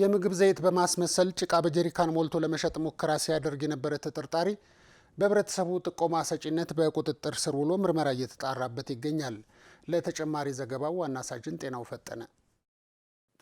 የምግብ ዘይት በማስመሰል ጭቃ በጀሪካን ሞልቶ ለመሸጥ ሙከራ ሲያደርግ የነበረ ተጠርጣሪ በህብረተሰቡ ጥቆማ ሰጪነት በቁጥጥር ስር ውሎ ምርመራ እየተጣራበት ይገኛል። ለተጨማሪ ዘገባው ዋና ሳጅን ጤናው ፈጠነ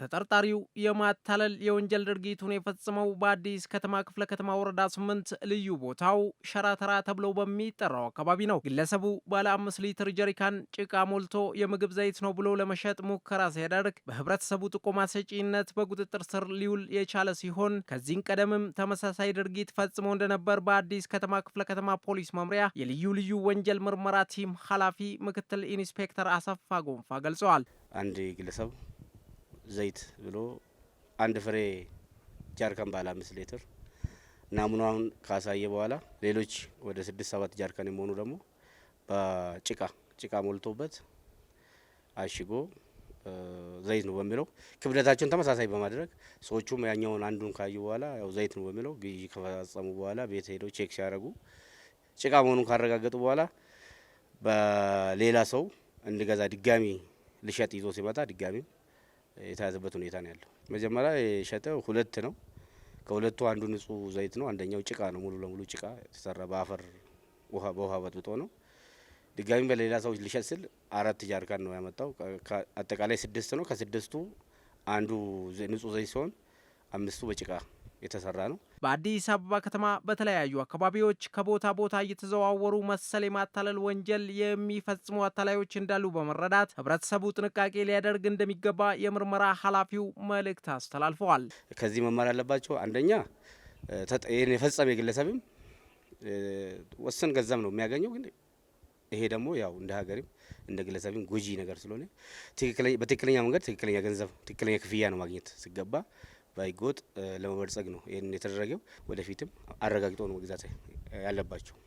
ተጠርጣሪው የማታለል የወንጀል ድርጊቱን የፈጸመው በአዲስ ከተማ ክፍለ ከተማ ወረዳ ስምንት ልዩ ቦታው ሸራተራ ተብሎ በሚጠራው አካባቢ ነው። ግለሰቡ ባለ አምስት ሊትር ጀሪካን ጭቃ ሞልቶ የምግብ ዘይት ነው ብሎ ለመሸጥ ሙከራ ሲያደርግ በህብረተሰቡ ጥቆማ ሰጪነት በቁጥጥር ስር ሊውል የቻለ ሲሆን ከዚህም ቀደምም ተመሳሳይ ድርጊት ፈጽሞ እንደነበር በአዲስ ከተማ ክፍለ ከተማ ፖሊስ መምሪያ የልዩ ልዩ ወንጀል ምርመራ ቲም ኃላፊ ምክትል ኢንስፔክተር አሰፋ ጎንፋ ገልጸዋል። አንድ ግለሰብ ዘይት ብሎ አንድ ፍሬ ጃርከን ባለ አምስት ሊትር ናሙናውን ካሳየ በኋላ ሌሎች ወደ ስድስት ሰባት ጃርከን የሚሆኑ ደግሞ በጭቃ ጭቃ ሞልቶበት አሽጎ ዘይት ነው በሚለው ክብደታቸውን ተመሳሳይ በማድረግ ሰዎቹም ያኛውን አንዱን ካዩ በኋላ ያው ዘይት ነው በሚለው ግዢ ከፈጸሙ በኋላ ቤት ሄደው ቼክ ሲያደርጉ ጭቃ መሆኑን ካረጋገጡ በኋላ በሌላ ሰው እንድገዛ ድጋሚ ልሸጥ ይዞ ሲመጣ ድጋሚም የተያዘበት ሁኔታ ነው ያለው። መጀመሪያ የሸጠው ሁለት ነው። ከሁለቱ አንዱ ንጹህ ዘይት ነው፣ አንደኛው ጭቃ ነው። ሙሉ ለሙሉ ጭቃ የተሰራ በአፈር በውሃ በጥብጦ ነው። ድጋሚ በሌላ ሰዎች ሊሸጥ ስል አራት ጃርካን ነው ያመጣው። አጠቃላይ ስድስት ነው። ከስድስቱ አንዱ ንጹህ ዘይት ሲሆን አምስቱ በጭቃ የተሰራ ነው። በአዲስ አበባ ከተማ በተለያዩ አካባቢዎች ከቦታ ቦታ እየተዘዋወሩ መሰል የማታለል ወንጀል የሚፈጽሙ አታላዮች እንዳሉ በመረዳት ህብረተሰቡ ጥንቃቄ ሊያደርግ እንደሚገባ የምርመራ ኃላፊው መልእክት አስተላልፈዋል። ከዚህ መማር ያለባቸው አንደኛ ይህን የፈጸመ የግለሰብም ወሰን ገንዘብ ነው የሚያገኘው ግን ይሄ ደግሞ ያው እንደ ሀገርም እንደ ግለሰብም ጎጂ ነገር ስለሆነ በትክክለኛ መንገድ ትክክለኛ ገንዘብ ትክክለኛ ክፍያ ነው ማግኘት ሲገባ ባይጎጥ ለመበልጸግ ነው ይህን የተደረገው። ወደፊትም አረጋግጦ ነው መግዛት ያለባቸው።